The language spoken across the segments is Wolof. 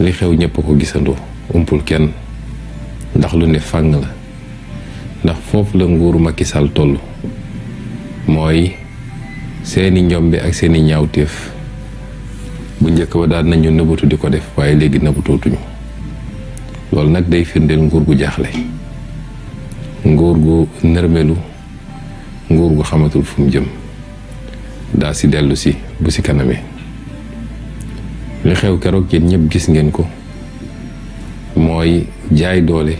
li xew ñëpp ko gisandoo umpul kenn ndax lu ne fànn la ndax foofu la nguuru Macky Sall toll mooy seeni njombe ak seeni ñaawteef bu njëkk ba daan nañu nëbatu di ko def waaye léegi nëbatootuñu loolu nag day firndeel nguur gu jaaxle nguur gu nërmelu nguur gu xamatul fu jëm daa si dellu si bu si kanamee li xew keroog yéen ñëpp gis ngeen ko mooy jaay doole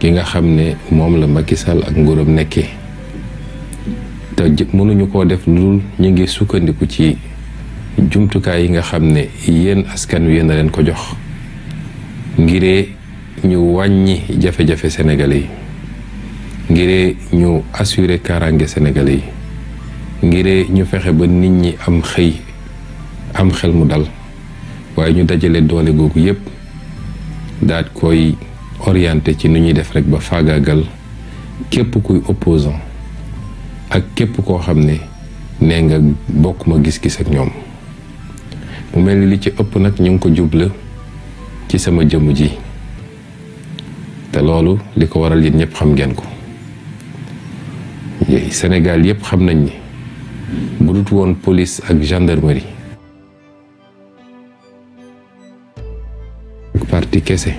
ki nga xam ne moom la Macky Sall ak nguuram nekkee te mënuñu koo def lu ñu ngi sukkandiku ci jumtukaay yi nga xam ne yéen askan wi yéen a leen ko jox ngiree ñu wàññi jafe-jafe sénégalais yi ngiree ñu assurer kaaraange sénégalais yi ngiree ñu fexe ba nit ñi am xëy am xel mu dal waaye ñu dajale doole googu yépp daat koy orienté ci nu ñuy def rek ba faagaagal képp kuy opposant ak képp koo xam ne ne nga bokk ma gis-gis ak ñoom mu mel ni li ci ëpp nag ñu ngi ko juble ci sama jëmm ji te loolu li ko waral yéen ñëpp xam ngeen ko Sénégal yëpp xam nañ ni bu woon police ak gendarmerie parti kese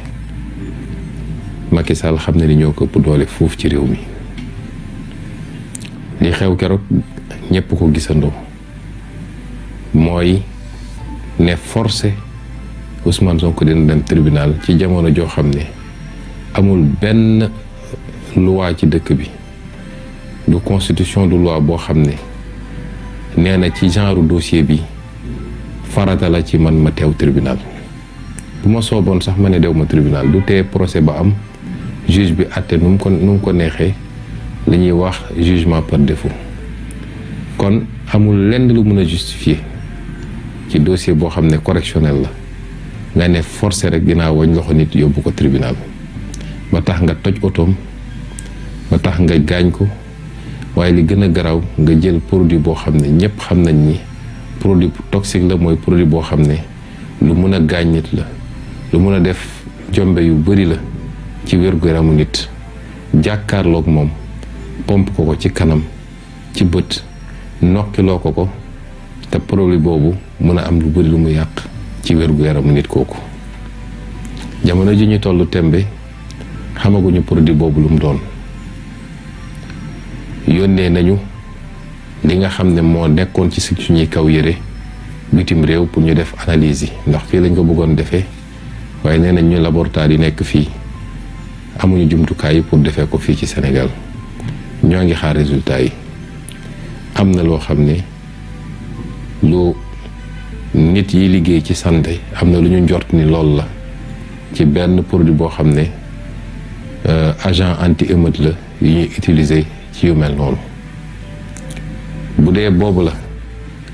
Macky xam ne ni ñoo ko doole foofu ci réew mi li xew keroog ñëpp ko gisandoo mooy ne forcé Ousmane Sonko dina dem tribunal ci jamono joo xam ne amul benn loi ci dëkk bi du constitution du loi boo xam ne nee na ci genre dossier bi farata la ci man ma teew tribunal buma sobon sax ma ne ma tribunal du té procès ba am juge bi àtte num ko num ko nexé li wax jugement par défaut kon amul lenn lu mëna justifier ci dossier bo xamné ne correctionnel la nga ne forcé rek dina wañ loxo nit yobbu ko tribunal ba tax nga toj autom ba tax nga gañ ko waye li gëna graw nga jël produit bo xamné ñepp xamnañ ni produit toxique la moy produit bo xamné lu mëna gañ nit la lu mun a def jombe yu bëri la ci wér-gu-yaramu nit jàkkaarlook moom pomp ko ko ci kanam ci bët nokkiloo ko ko te problème boobu mun a am lu bëri lu mu yàq ci wér-gu-yaramu nit kooku jamono ji ñu tollu tembe xamaguñu produit boobu lu mu doon yónnee nañu li nga xam ne moo nekkoon ci suñuy kaw yére bitim réew pour ñu def analyse yi ndax fii lañ ko bëggoon defee waaye nee nañ ñu laboratoire yi nekk fii amuñu jumtukaay yi pour defee ko fii ci senegal ñoo ngi xaar résultat yi am na loo xam ne lu nit yi liggéey ci santé am na lu ñu njort ni lool la ci benn produit boo xam ne euh, agent anti-émeute la yu ñuy utiliser ci yu mel noonu bu dee boobu la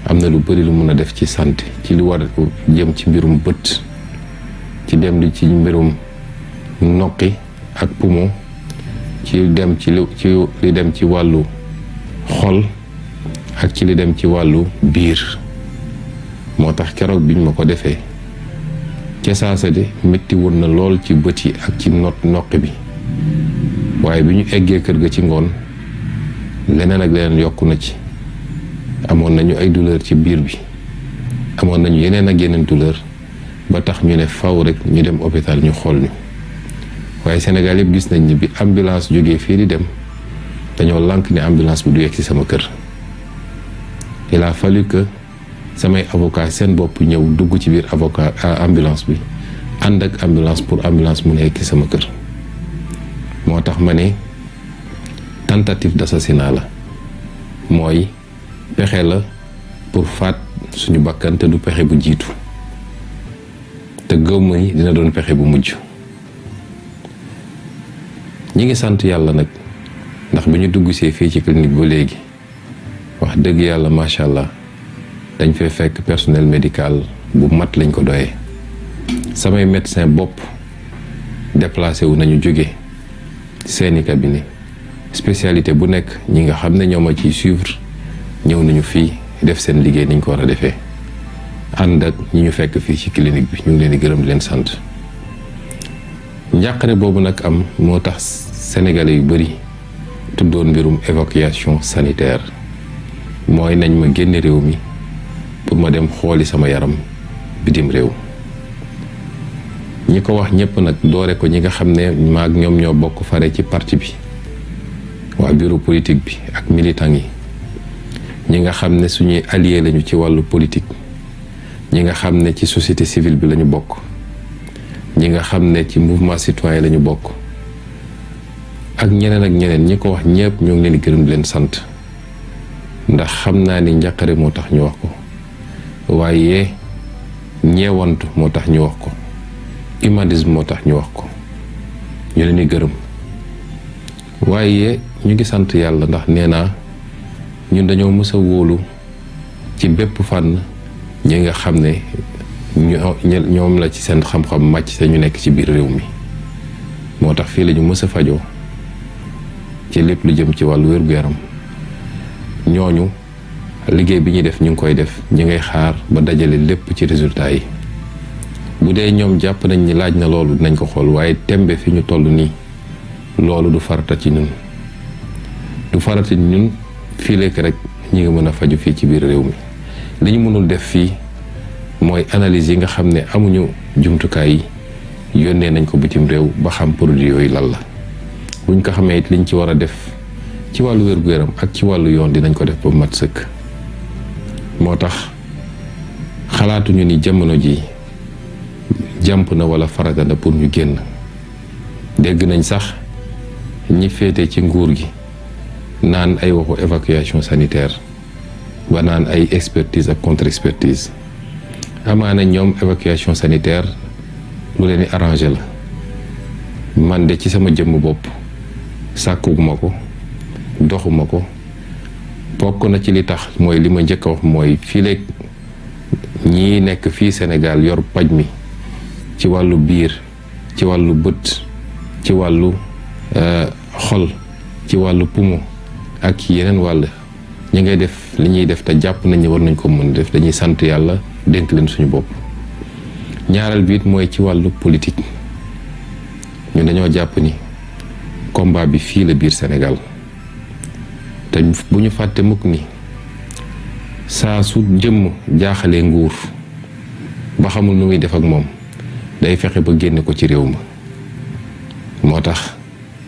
am na lu bëri lu mun a def ci santé ci lu war jëm ci mbirum bët ci dem di ci mbirum noqi ak poumon ci dem ci lu li dem ci wàllu xol ak ci li dem ci wàllu biir moo tax keroog biñ ma ko defee ca saasa de métti woon na lool ci bët yi ak ci noqi bi waaye bi ñu eggee kër gi ci ngoon leneen ak leneen yokku na ci amoon nañu ay douleur ci biir bi amoon nañu yeneen ak yeneen douleur ba tax ñu ne faw rek ñu dem hôpital ñu xol ñu waye sénégal yëpp gis nañ ni bi ambulance jógee fi di dem dañoo lank ni ambulance bu du yegg ci sama kër il a fallu que sama avocat sen bop ñew dugg ci bir avocat euh, ambulance bi and ak ambulance pour ambulance mun nekk ci sama kër motax mané tentative d'assassinat la moy pexé la pour fat suñu bakkan te du pexé bu jitu te gëmm ni dina doon pexe bu mujj ñi ngi sant yàlla nag ndax bi ñu dugg see fii ci clinique bu léegi wax dëgg yàlla macha allah dañ fay fekk personnel médical bu mat lañ ko doyee samay médecin bopp déplacé wu nañu jóge seeni cabinet spécialité bu nekk ñi nga xam ne ñoo ma ciy suivre ñëw nañu fii def seen liggéey niñ ko war a defee Anda ak ñi ñu fekk fi ci clinique bi ñu ngi leen di gërëm di leen sant ñakare bobu nak am motax sénégalais yu bari tuddoon mbirum évacuation sanitaire moy nañ ma génné réew mi pour ma dem xooli sama yaram dim réew ñi ko wax ñëpp nak doore ko ñi nga xamné ma ak ñom ñoo bokk faré ci parti bi wa bureau politique bi ak militant yi ñi nga xamné ne suñuy allié lañu ci walu politique ñi nga xam ne ci société civile bi lañu bokk ñi nga xam ne ci mouvement citoyen lañu bokk ak ñeneen ak ñeneen ñi ko wax ñëpp ñoo ngi leen gërëm leen sant ndax xam naa ni njàqare moo tax ñu wax ko waaye ñeewantu moo tax ñu wax ko humanisme moo tax ñu wax ko ñu leen gërëm waaye ñu ngi sant yàlla ndax nee naa ñun dañoo mës a wóolu ci bépp fànn ñi nga xam ne ñoom la ci seen xam-xam màcc te ñu nekk ci biir réew mi moo tax fii lañu ñu mës a fajoo ci lépp lu jëm ci wàllu wér-gu-yaram ñooñu liggéey bi ñuy def ñu ngi koy def ñi ngay xaar ba dajale lépp ci résultat yi bu dee ñoom jàpp nañ ni laaj na loolu dinañ ko xool waaye tembe fi ñu toll nii loolu du farata ci ñun du farata ci ñun fii lekk rek ñu ngi mën a faju fii ci biir réew mi li ñu mënul def fii mooy analyse yi nga xam ne amuñu jumtukaay yi yónnee nañ ko bitim réew ba xam produit yooyu lan la buñ ko xamee it liñ ci war a def ci wàllu weer gu yaram ak ci wàllu yoon dinañ ko def ba mat sëkk moo tax xalaatuñu ni jamono ji jàmp na wala farata pour ñu génn dégg nañ sax ñi féete ci nguur gi naan ay waxu évacuation sanitaire ba naan ay expertise ak contre expertise amaana ñoom évacuation sanitaire lu leen di arrangé la man de ci sama jëmm bopp sàkkuguma ko doxuma ko bokk na ci li tax mooy li ma njëkk a wax mooy fii ñii nekk fii Sénégal yor paj mi ci wàllu biir ci wàllu bët ci wàllu euh, xol ci wàllu poumon ak yeneen wàll ñu ngay def li ñuy def te jàpp nañ ne war nañ ko mën def dañuy sant yàlla dénk leen suñu bopp ñaareel biit mooy ci wàllu politique ñun dañoo jàpp ni combat bi fii la biir senegal te bu ñu fàtte mukk ni saa su jëmm jaaxalee nguur ba xamul nu muy def ak moom day fexe ba génne ko ci réew ma moo tax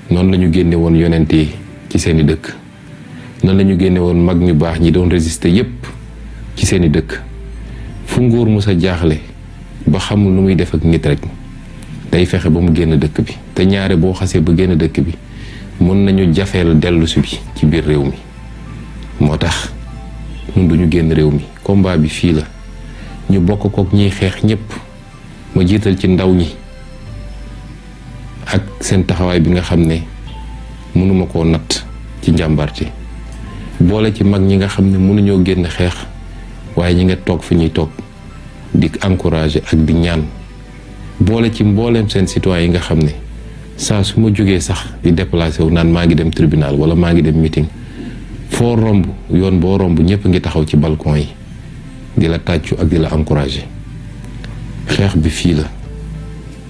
noonu la ñu génne woon yonent yi ci seeni dëkk noonu la ñu génne woon mag ñu baax ñi doon résister yépp ci seeni dëkk fu nguur mu sa jaaxle ba xamul lu muy def ak nit rek day fexe ba mu génn dëkk bi te ñaare boo xasee ba génn dëkk bi mën nañu jafeel dellusi bi ci biir réew mi moo tax ñun duñu génn réew mi komba bi fii la ñu bokk kook ñuy xeex ñépp ma jiital ci ndaw ñi ak seen taxawaay bi nga xam ne mënuma koo natt ci njàmbarte boole ci mag ñi nga xamne mënu ñoo genn xex waye ñi nga tok fi ñi tok di encourager ak di ñaan boole ci mbooleem seen citoyen yi nga xamne sa su ma joggé sax di déplacer wu naan ma ngi dem tribunal wala ma ngi dem meeting fo romb yoon bo romb ñepp ngi taxaw ci balcon yi di la taccu ak di la encourager xex bi fi la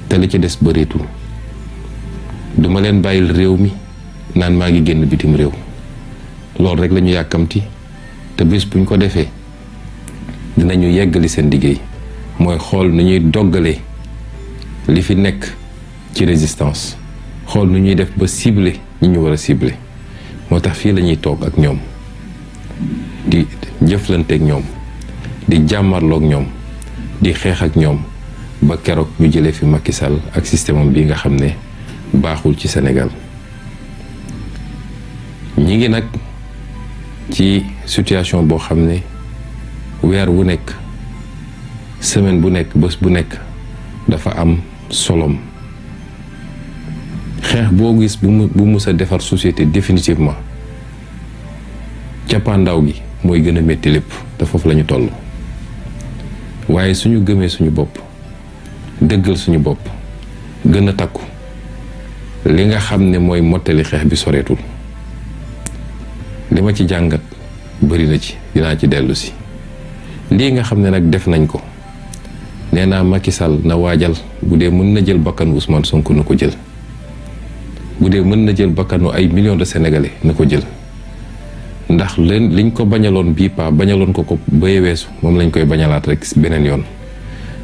té li ci des bëreetul duma len bayil rew mi naan magi ngi genn bitim réew loolu rek la yàkkamti te bés buñ ko defee dinañu yeggali seen liggéey mooy xool nu ñuy doggalee li fi nekk ci résistance xool nu ñuy def ba cibler ñu war a cibler moo tax fii lañuy toog ak ñoom di jëflanteeg ñoom di jàmmarloog ñoom di xeex ak ñoom ba keroog ñu jëlee fi Macky Sall ak système bi nga xam ne baaxul ci Sénégal ñi ngi nag ci situation boo xam ne weer wu nekk semaine bu nekk bés bu nekk dafa am solom xeex boo gis bu mu bu mus defar société définitivement cappaandaw gi mooy gën a métti lépp te foofu la ñu toll waaye suñu gëmee suñu bopp dëggal suñu bopp gën a takku li nga xam ne mooy mottali xeex bi soreetul li ma ci jangat bari na ci dina ci delu ci li nga xamne nak def nañ ko neena Macky Sall na wajal budé mën na jël bakkan Ousmane Sonko nako jël budé mën na jël bakkanu ay millions de sénégalais nako jël ndax leen liñ ko bañalon bi pa bañalon ko ko baye wessu mom lañ koy bañalat rek benen yoon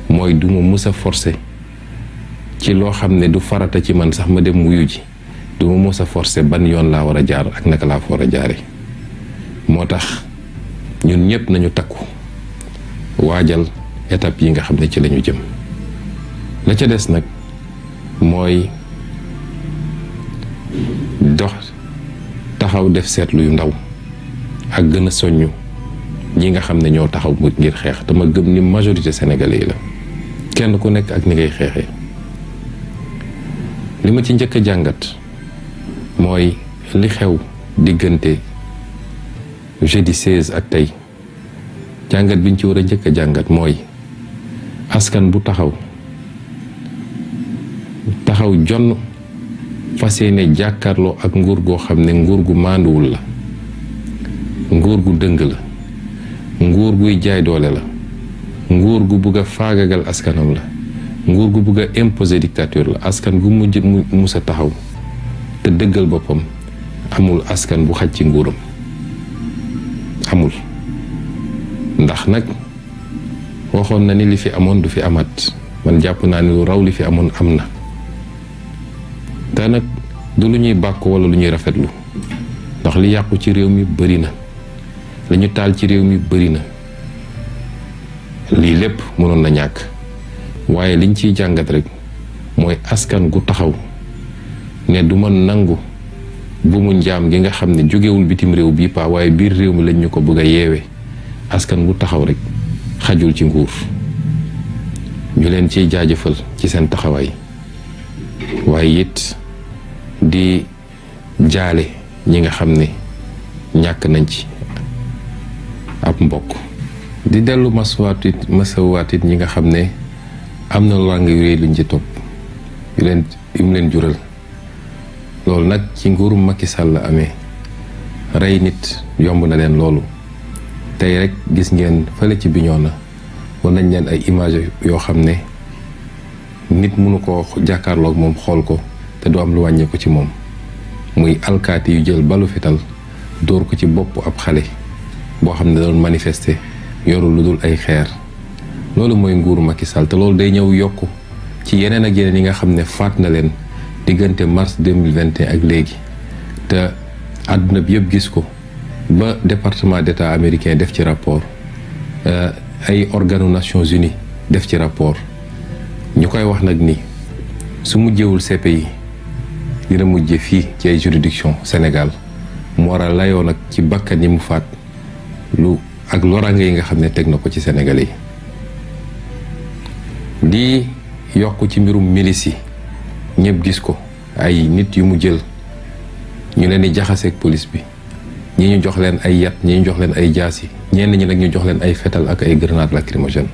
moy du mo forcer ci lo xamne du farata ci man sax ma dem wuyu ci du mo mus forcer ban yoon la wara jaar ak naka la fa wara jaaré moo tax ñun ñëpp nañu takku waajal étape yi nga xam ne ci lañu jëm la ca des nag mooy dox taxaw def seetlu yu ndaw ak gëna a ñi nga xam ne ñoo taxaw ngir xeex dama gëm ni majorité sénégalais yi la kenn ku nekk ak ni ngay xeexee li ma ci njëkk a jàngat mooy li xew diggante di 16 ak tey jàngat biñ ci war a njëkk a jàngat mooy askan bu taxaw taxaw jonn fas yéene jàkkaarloo ak nguur goo xam ne nguur gu mànduwul la nguur gu dëng la nguur guy jaay doole la nguur gu bugg a faagagal askanam la nguur gu bugg imposé imposer dictature la askan gu mujj mu musa taxaw te dëggal boppam amul askan bu xaj ci nguuram amul ndax nag waxoon na ni li fi amoon du fi amat man jàpp naa ni lu raw li fi amoon am na te nag du lu ñuy bàkk wala lu ñuy rafetlu ndax li yàqu ci réew mi bëri na li ñu taal ci réew mi bëri na lii lépp mënoon na ñàkk waaye liñ ciy jàngat rek mooy askan gu taxaw ne du nangu mu ndiam gi nga xam ul bitim rew bi pa way bir rew mi lañ ñuko bëgga yewé askan bu taxaw rek xajul ci nguur ñu leen ci jaajeufal ci seen taxaway way yit di jaale ñi nga xam ñak nañ ci ap mbokk di delu masawaatit masawaatit ñi nga xamne amna langue yu rëy luñ ci top yu leen yu leen jural Lol, nak ci nguurum Macky Sall la ray nit yomb na len lolou tay rek gis ngeen fele ci Bignona won nañ len ay image yo xamné ne nit mënu ko jàkkaarloog mom xol ko te do am lu Mui ko ci mom muy alkati yu jël balu fital Dor ko ci bop ab xalé bo xamné ne doon manifester yorul lu ay xeer lolou moy nguuru Macky Sall te lolou day ñew yokku ci yenen ak yenen yi nga xamné ne na len diggante mars 2021 ak léegi te àdduna bi yëpp gis ko ba département d'état américain def ci rapport euh, ay organu Nations Unies def ci rapport ñu koy wax nag ni su mujjewul yi dina mujje fii ci ay juridiction Sénégal mu war a layoo nag ci bakkan yi mu faat lu ak loraange yi nga xam ne teg na ko ci Sénégalais yi di yokk ci mbirum milice yi ñepp gis ko ay nit yu mu jël ñu leen di ak police bi ñi ñu jox leen ay yat ñi ñu jox leen ay jaasi ñen ñi nak ñu jox leen ay fetal ak ay grenade lacrymogène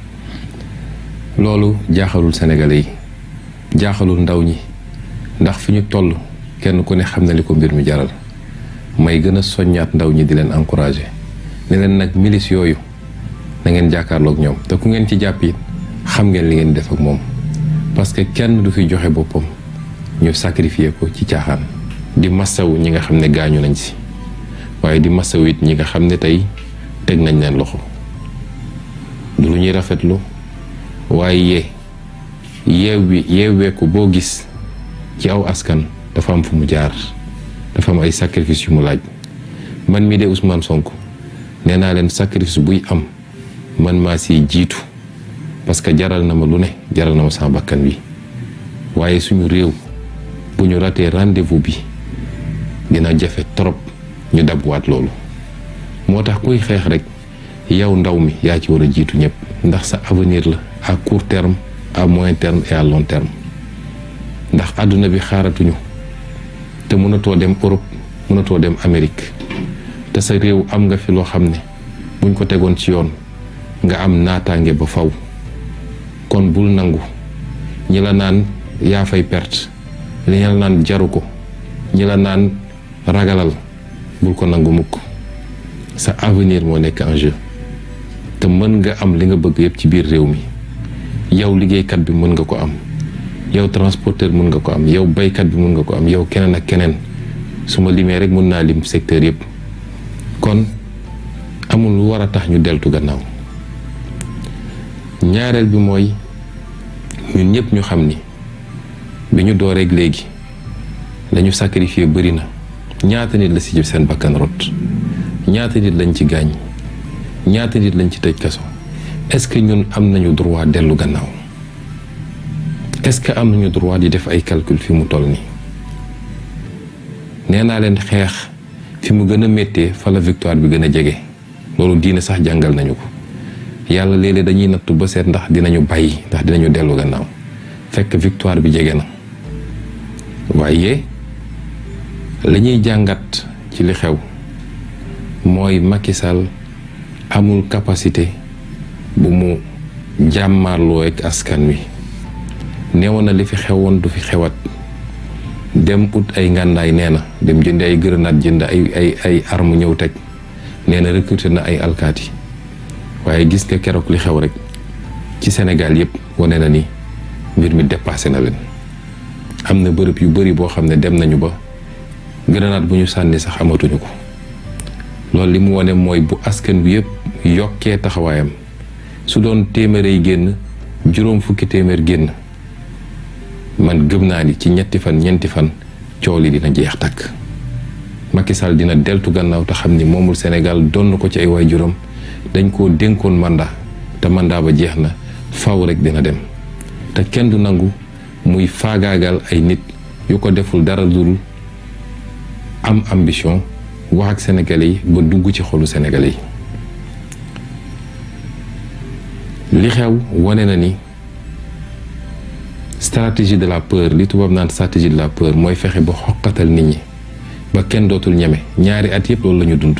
lolu jaaxalul sénégalais yi jaaxalul ndaw ñi ndax fiñu toll kenn ku ne xamna liko mbir mi jaral may gëna a ndaw ñi di leen encourager ne leen nag milice yoyu na ngeen ak ñom te ku ngeen ci jàpp it xam ngeen li ngeen def ak mom parce que kenn du fi joxe ñu sacrifier ko ci caaxaan di masawu ñi nga xam ne gaañu nañ si waaye di masawu it ñi nga xam ne tey teg nañ leen loxo du lu ñuy rafetlu waaye yeew yeeweeku boo gis ci aw askan dafa am fu mu jaar dafa am ay sacrifice yu mu laaj man mi de Ousmane sonk nee naa leen sacrifice buy am man maa si jiitu parce que jaral na ma lu ne jaral na ma sama bakkan wi waaye suñu réew pour ñu ratee rendez-vous bi dina jafé trop ñu dab wat lolu motax kuy xex rek yaw ndaw mi ya ci wara a ñep ndax sa avenir la à court terme à moyen terme et à long terme ndax aduna bi xaaratuñu te to dem Europe to dem amerique te sa rew am nga fi lo xamné buñ ko tegoon ci yoon nga am natangé ba faw kon bul nangu ñila nan ya fay perte li ñal naan jaru ko ñi la naan ragalal bul ko nangu mukk sa avenir mo nek en jeu te mën nga am li nga bëgg yépp ci biir réew mi yow kat bi mën nga ko am yow transporteur mën nga ko am yow baykat bi mën nga ko am yow keneen ak keneen suma limé rek mën naa lim secteur yépp kon amul lu war a tax ñu deltu gannaaw ñaareel bi mooy ñun ñu xam biñu do rek legi lañu sacrifier sacrifié na ñaata nit la ci jëf seen bakkan rot ñaata nit lañ ci gañ ñaata nit lañ ci tej kaso est-ce que ñun am nañu droit delu gannaaw est-ce que am nañu droit di def ay calcul fi mu toll ni neena len xex fi mu gëna metté fa la victoire bi gëna a lolu diina sax jangal nañu ko yalla léeg dañuy nattu ba seet ndax dinañu bayyi ndax dinañu delu gannaaw fekk victoire bi jege na waaye lañuy jàngat ci li xew mooy Macky amul capacité bu mu jàmmarloo ak askan wi neewoon na li fi xewoon du fi xewat dem ut ay ngàndaay nee na dem jënd ay grenade jënd ay ay ay ñëw teg nee na recruté na ay alkaati waaye gis nga keroog li xew rek ci senegal yëpp wane na ni mbir mi dépassé na leen amna na yu beuri bo xamne ne dem nañu ba grenade buñu sanni sax amatuñu ko lool limu woné moy bu askan bi yépp yokkee taxawayam su doon téméré génn fukki témér génn man gëmna ni ci ñetti fan ñenti fan cioli dina jeex tak Macky Sall dina deltu gannaaw ta xamni momul Sénégal donn ko ci ay way juroom dañ ko denkon mandat ta mandat ba jeexna faaw rek dina dem ta kenn du nangu muy faagaagal ay nit yu ko deful dara dul am ambition wax ak sénégalais yi ba dugg ci xolu sénégalais yi li xew wane na ni stratégie de la peur li tubaab naan stratégie de la peur mooy fexe ba xoqatal nit ñi ba kenn dootul ñeme ñaari at yëpp loolu la ñu dund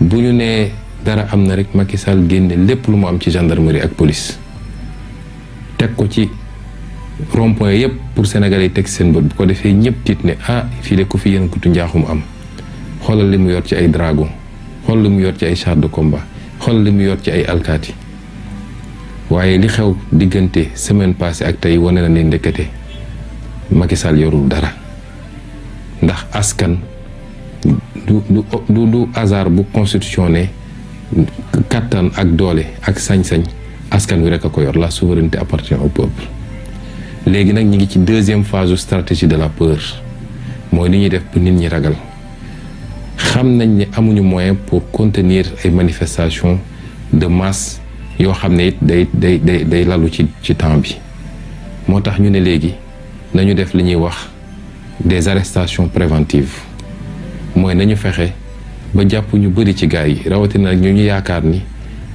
bu ñu nee dara am na rek Macky Sall génne lépp lu mu am ci gendarmerie ak police teg ko ci rond point yëpp pour Sénégal yi teg seen bët bu ko defee ñëpp tiit ne ah fii de ko fi yéen kutu njaaxum am xoolal li mu yor ci ay dragon xool li mu yor ci ay char de combat xool li mu yor ci ay alkaati waaye li xew diggante semaine passée ak tey wane na ne ndekete Macky Sall yorul dara ndax askan du du hasard bu constitution ne kattan ak doole ak sañ-sañ askan wi rek a yor la souveraineté appartient au peuple léegi nag ñu ngi ci deuxième phase stratégie de la peur mooy li ñuy def pour nit ñi ragal xam nañ ni amuñu moyen pour contenir ay manifestation de masse yoo xam ne it day day day day lalu ci ci temps bi moo tax ñu ne léegi nañu def li ñuy wax des arrestations préventives mooy nañu fexe ba jàpp ñu bëri ci gars yi rawatina nag ñu ñu yaakaar ni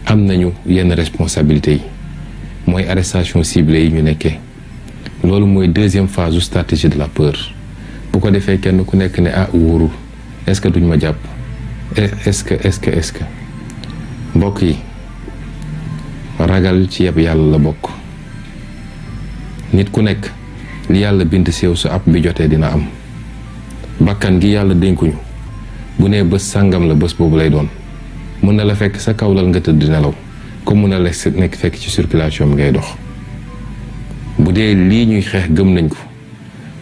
am nañu yenn responsabilités yi mooy arrestation ciblée yi ñu nekkee loolu mooy deuxième phase stratégie de la peur bu ko defee kenn ku nekk ni ah wóorul est-ce que duñ ma jàpp eh, est-ce que est-ce que est mbokk yi ragal ci yeb yàlla la bokk nit ku nekk li yàlla bind séew su app bi jotee dina am bakkan gi yàlla kuñu bu nee bés sàngam la bés boobu lay doon mën na la fekk sa kaw lal nga tëdd nelaw comme mën na la nekk fekk ci circulation bi ngay dox bu dee lii ñuy xeex gëm nañ ko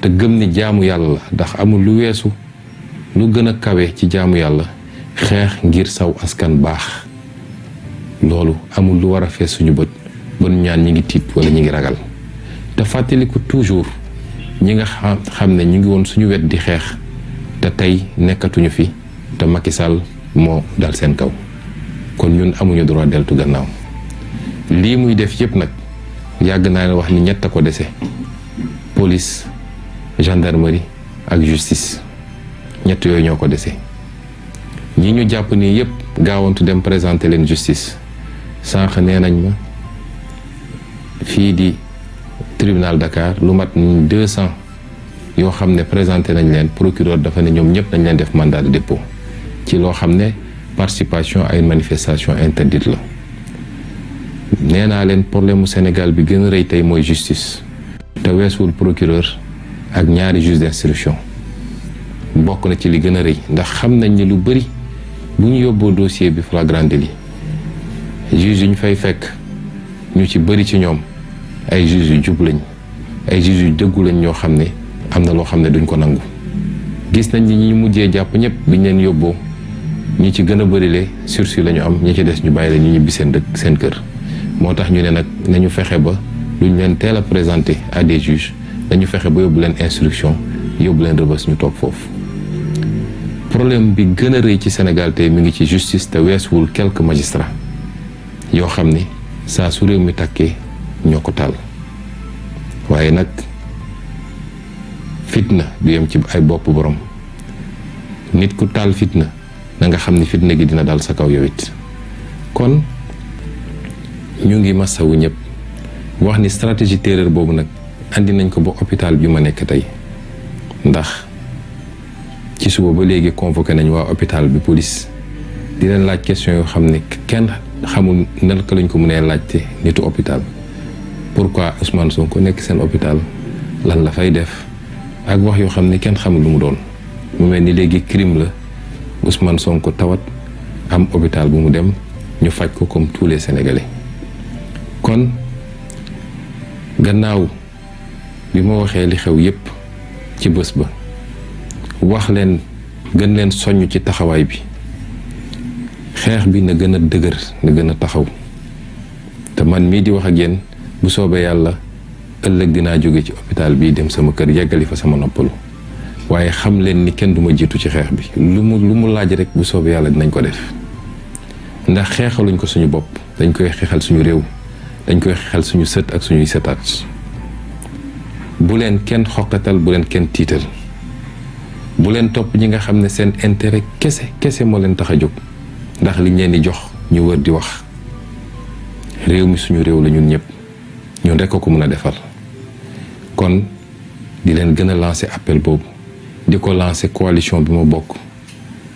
te gëm ni jaamu yàlla la ndax amul lu weesu lu gën a kawe ci jaamu yàlla xeex ngir saw askan baax loolu amul lu war a fees suñu bët bon ñaan ñi ngi tiit wala ñi ngi ragal te fàttaliku toujours ñi nga xam ne ñu ngi woon suñu wet di xeex te tey nekkatuñu fi te Macky Sall moo dal seen kaw kon ñun amuñu droit deltu gannaaw lii muy def yépp nag yàgg naa leen wax ni ñett a ko dese police gendarmerie ak justice ñett yooyu ñoo ko dese ñi ñu jàpp ni yépp gaawantu dem présenter leen justice sànq nee nañ ma fii di tribunal Dakar lu mat ni 200 yoo xam ne présenté nañ leen procureur dafa ne ñoom ñëpp nañ leen def mandat de dépôt ci loo xam ne participation à une manifestation interdite la nee naa leen problème mu Sénégal bi gën a rëy tey mooy justice te weesuwul procureur ak ñaari juge d'instruction bokk na ci li gën a rëy ndax xam nañ ne lu bëri bu ñu yóbboo dossier bi flagrant délit juge yu ñu fay fekk ñu ci bëri ci ñoom ay juge yu jub lañ ay juge yu dëggu lañ ñoo xam ne am na loo xam ne duñ ko nangu gis nañ ni ñi mujjee jàpp ñëpp biñ leen yóbboo ñi ci gën a bërile sursis la am ñi ci des ñu bàyyi la ñu ñibbi seen dëkk seen kër moo tax ñu ne nag nañu fexe ba luñ leen teel a présenté à des dañu fexe ba yóbbu leen instruction yóbbu leen rëbës ñu toog foofu. problème bi gën a rëy ci Sénégal tey mi ngi ci justice te weesuwul quelques magistrats yoo xam ni saa su réew mi takkee ñoo ko taal waaye nag fitna du yem ci ay boppu borom nit ku taal fitna na nga xam ni fitna gi dina dal sa kaw yowit ñu ngi wu ñep wax ni stratégie terreur bobu nak andi nañ ko bo hôpital bi ma nek tay ndax ci suba ba légui convoquer nañ wa hôpital bi police di len laaj question yo xamni kenn xamul naka lañ ko mënee laajte nitu hôpital pourquoi Ousmane Sonko nek sen hôpital lan la fay def ak wax yo xamni kenn xamul lu mu doon mu melni légui crime la Ousmane Sonko tawat am hôpital bu mu dem ñu fajj ko comme tous les Sénégalais man gannaaw bi ma waxee li xew yépp ci bés ba wax leen gën leen soññ ci taxawaay bi xeex bi na gën a dëgër na gën a taxaw te man mii di wax ak yéen bu soobee yàlla ëllëg dinaa jóge ci hôpital bii dem sama kër yeggali fa sama noppalu waaye xam leen ni kenn duma jiitu ci xeex bi lu mu lu mu laaj rek bu soobee yàlla dinañ ko def ndax xeexaluñ ko suñu bopp dañ koy xeexal suñu réew dañ koy xel suñu sët ak suñuy setaat bu leen kenn xoqatal bu leen kenn tiital bu leen topp ñi nga xam ne seen intérêt kese kese moo leen tax a jóg ndax li leen di jox ñu wër di wax réew mi suñu réew la ñun ñëpp ñun rek ko mën a kon di leen gën a lancer appel boobu di ko lancer coalition bi ma bokk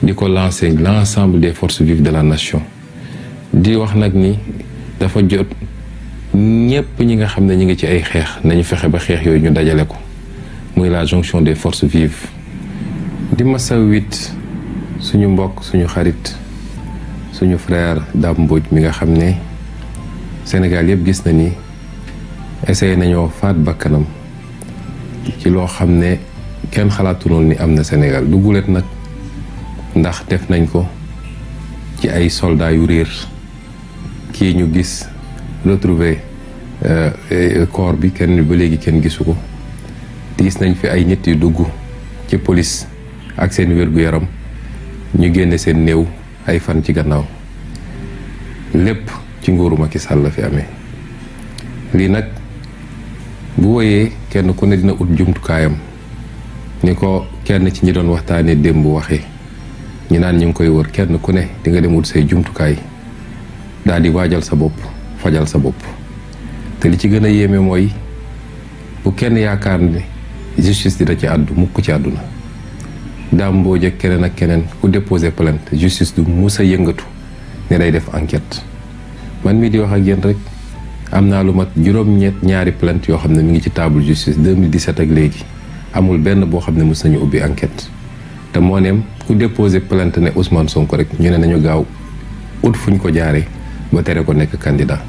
di ko lancer l'ensemble des forces vives de la nation di wax nag ni dafa jot ñëpp ñi nga xam ne ñi ngi ci ay xeex nañu fexe ba xeex yooyu ñu dajale ko muy la jonction des forces vives di masawit suñu mbokk suñu xarit suñu frère daam Mbodj mi nga xam ne Sénégal yëpp gis na ni essayé nañoo faat bakkanam ci loo xam ne kenn xalaatuloon ni am na Sénégal du gulet nag ndax def nañ ko ci ay soldaa yu réer kii ñu gis retrouvé euh, euh, corps bi kenn ba léegi kenn gisu ko te gis nañ fi ay nit yu dugg ci police ak seen wér-gu-yaram ñu génne seen néew ay fan ci gannaaw lépp ci nguuru Macky Sall la fi amee lii nag bu woyee kenn ku ne dina ut jumtukaayam ni ko kenn ci ñi doon waxtaanee démb waxee ñi naan ñu ngi koy wër kenn ku ne di nga dem ut say jumtukaay daal di waajal sa bopp fajal sa bop te li ci gëna yéme moy bu kenn yaakar ni justice dina ci addu mukk ci aduna dam bo ak kenen ak kenen ku déposer plainte justice du musa yëngatu day def enquête man mi di wax ak yeen rek amna lu mat juroom ñet ñaari plainte yo xamne mi ngi ci table justice 2017 ak légui amul benn bo xamne musa mus ubi enquête te moo neem ku déposer plainte né Ousmane Sonko rek ñu né nañu gaaw ut fuñ ko jaaré ba téré ko nek candidat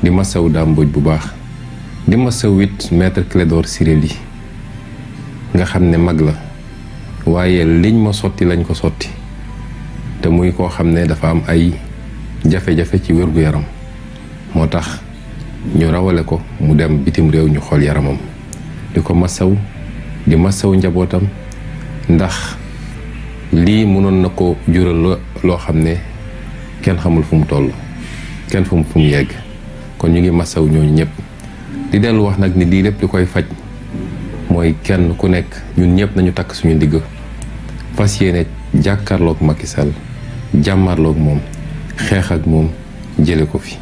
di masawu dam boj bu baax di masawu wit maître Clédor sireli, Ly nga xamné mag la wayé liñ ma soti lañ ko soti té muy ko xamné dafa am ay jafé jafé ci wér-gu-yaram motax ñu rawalé ko mu dem bitim rew ñu xol yaramam di ma masaw di masaw njabotam ndax li mënon nako jural lo xamné ne xamul fu mu toll fu yegg kon ñu ngi masaw ñooñu ñëpp di dellu wax nag ni lii lépp li koy faj mooy kenn ku nekk ñun ñëpp nañu takk suñu ndigg fas yéene jàkkaarloog Macky Sall jàmmarloog moom xeex ak moom jële ko fi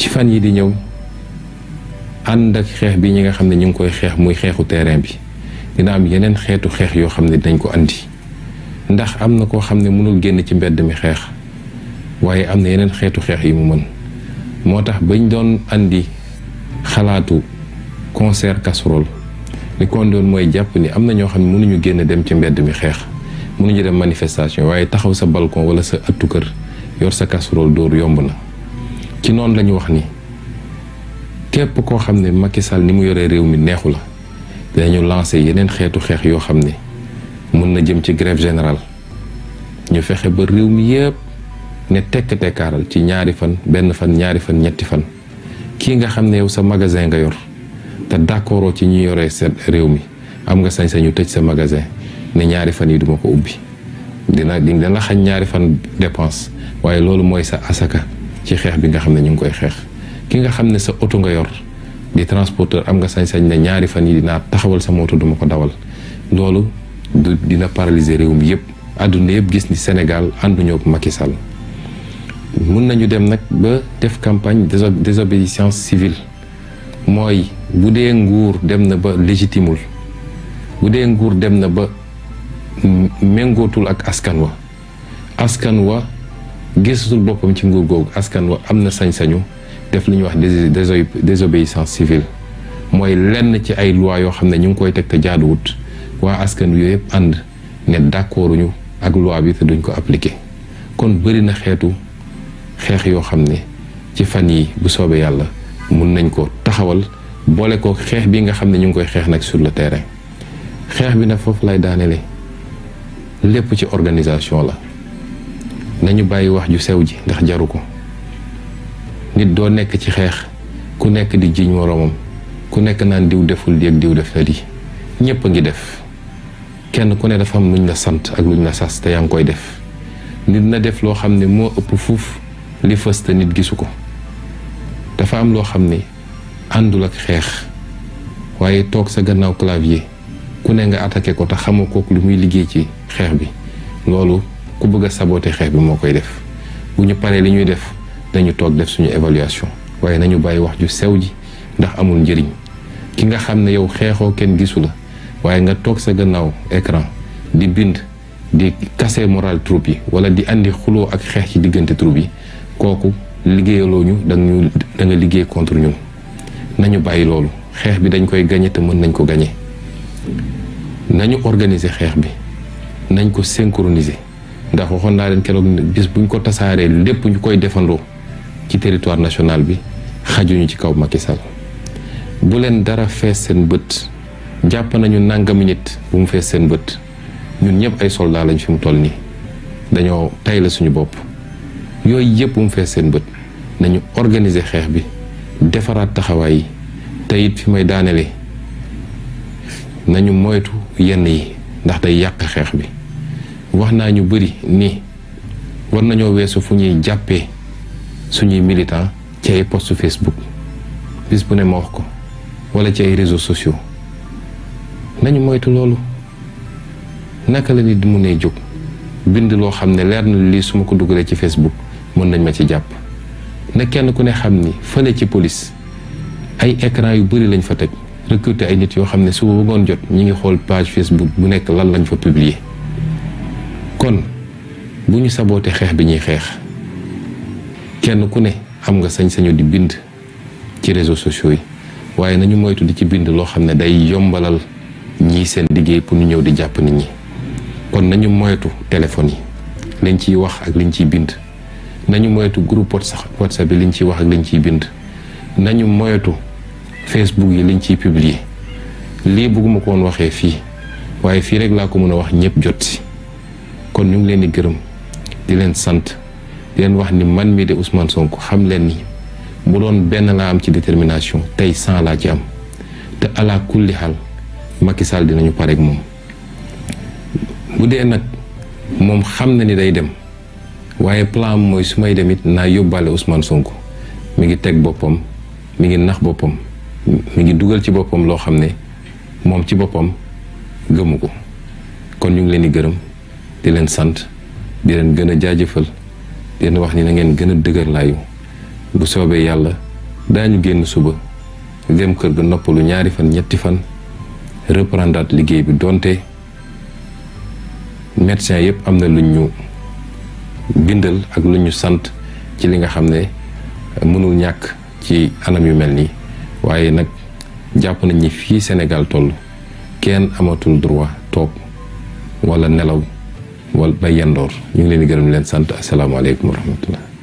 ci fan yi di ñëw ànd ak xeex bi ñi nga xam ne ñu ngi koy xeex muy xeexu terrain bi dina am yeneen xeetu xeex yoo xam ne dañ ko andi ndax am na koo xam ne mënul génn ci mbedd mi xeex waaye am na yeneen xeetu xeex yi mu mën moo tax bañ doon andi xalaatu concert casserole li kon doon mooy jàpp ni am na ñoo xam ne mënuñu génn dem ci mbedd mi xeex mënuñu dem manifestation waaye taxaw sa balkon wala sa ëttu kër yor sa casserole dóor yomb na ci noonu la wax ni képp koo xam ne Macky ni mu yoree réew mi neexu la dañu lancé yeneen xeetu xeex yoo xam ne mën na jëm ci grève générale ñu fexe ba réew mi yépp ne tekk tekkaaral ci ñaari fan benn fan ñaari fan ñetti fan kii nga xam ne yow sa magasin nga yor te d'accordoo ci ñu yoree seen réew mi am nga sañ-sañu tëj sa magasin ne ñaari fan yi duma ko ubbi dina dina xañ ñaari fan dépense waaye loolu mooy sa asaka ci xeex bi nga xam ne ñu ngi koy xeex ki nga xam ne sa oto nga yor di transporteur am nga sañ-sañ ne ñaari fan yi dinaa taxawal sama oto duma ko dawal loolu du dina paralyser réew mi yëpp àdduna yëpp gis ni Sénégal ànduñoo ak Macky Sall mun nañu dem nag ba def campagne désobéissance civile mooy bu dee nguur dem na ba légitimul bu dee nguur dem na ba méngootul ak askan wa askan wa gisatul boppam ci nguur googu askan wa am na sañ-sañu def lu ñuy wax désobéissance civile mooy lenn ci ay loi yoo xam ne ñu ngi koy teg te jaaduwut waa askan wi yëpp ànd ne d'accorduñu ak loi bi te duñ ko appliquer kon bëri na xeetu xeex yoo xam ne ci fan yi bu soobee yàlla mun nañ ko taxawal boole ko xeex bi nga xam ne ñu ngi koy xeex nag sur le terrain xeex bi nag foofu lay daanele lépp ci organisation la nañu bàyyi wax ju sew ji ndax jaru ko nit doo nekk ci xeex ku nekk di jiñ moroomam ku nekk naan diw deful di ak diw def na di ñëpp a ngi def kenn ku ne dafa am luñ la sant ak luñ la sas te yaa ngi koy def nit na def loo xam ne moo ëpp fuuf li fës te nit gisu ko dafa am loo xam ne àndul ak xeex waaye toog sa gannaaw clavier ku ne nga attaqué ko te xamoo kook lu muy liggéey ci xeex bi loolu ku bëgg a saboté xeex bi moo koy def bu ñu paree li ñuy def dañu toog def suñu évaluation waaye nañu bàyyi wax ju sew ji ndax amul njëriñ ki nga xam ne yow xeexoo kenn gisu la waaye nga toog sa gannaaw écran di bind di casser moral troupe yi wala di indi xuloo ak xeex ci diggante troupe yi kooku liggéeyaloo ñu danga liggéey contre ñun nañu bàyyi loolu xeex bi dañ koy gañe te mën nañ ko gañe nañu organiser xeex bi nañ ko synchroniser ndax waxoon naa leen keroog ne bis buñ ko tasaaree lépp ñu koy defandoo ci territoire national bi xajuñu ci kaw Macky Sall bu leen dara fees seen bët jàpp nañu nàngami nit bu mu fees seen bët ñun ñëpp ay soldats lañ fi mu toll nii dañoo tay la suñu bopp yooyu yëpp mu fees seen bët nañu organiser xeex bi defaraat taxawaay yi te it fi may daanele nañu moytu yenn yi ndax day yàq xeex bi wax naa ñu bëri nii war nañoo weesu fu ñuy jàppee suñuy militant ci ay post Facebook bis bu ne ma wax ko wala ci ay réseaux sociaux nañu moytu loolu naka la nit mu ne jóg bind loo xam ne leer na lii su ma ko dugalee ci Facebook mën nañ ma ci jàpp na kenn ku ne xam ni fële ci police ay écran yu bëri lañ fa teg recruter ay nit yoo xam ne su bëggoon jot ñi ngi xool page Facebook bu nekk lan lañ fa publier kon bu ñu sabootee xeex bi ñuy xeex kenn ku ne xam nga sañ-sañu di bind ci réseaux sociaux yi waaye nañu moytu di ci bind loo xam ne day yombalal ñii seen liggéey pour ñu ñëw di jàpp nit ñi kon nañu moyetu téléphone yi liñ ciy wax ak liñ ciy bind nañu moytu groupe whatsapp yi liñ ciy wax ak liñ ciy bind nañu moyetu facebook yi liñ ciy publier lii bëgguma ko waxee fii waaye fii rek laa ko mën a wax ñëpp jot si kon ñu ngi leen di gërëm di leen sant di leen wax ni man mii de Ousmane sonk xam leen ni bu doon benn laa am ci détermination tey cent laa ci am te ala kulli xal Macky Sall dinañu pareeg moom bu dee nag moom xam na ni day dem. waaye plan mooy su may dem it naa yóbbaale Ousmane Sonko mi ngi teg boppam mi ngi nax boppam mu ngi dugal ci boppam loo xam ne moom ci boppam gëmu ko kon ñu ngi leen di gërëm di leen sant di leen gën a jaajëfal di leen wax ni na ngeen gën a dëgër laayu bu soobee yàlla daañu génn suba dem kër ga noppalu ñaari fan ñetti fan reprendaat liggéey bi donte médecin yëpp am na luñ ñu bindal ak lu ñu sant ci li nga xam ne mënul ñàkk ci anam yu mel nii waaye nag jàpp nañ ni fii senegal toll kenn amatul droit toog wala nelaw ba bay yandoor ñu ngi leen di gërëm leen sant asalaamaaleykum wa rahmatullah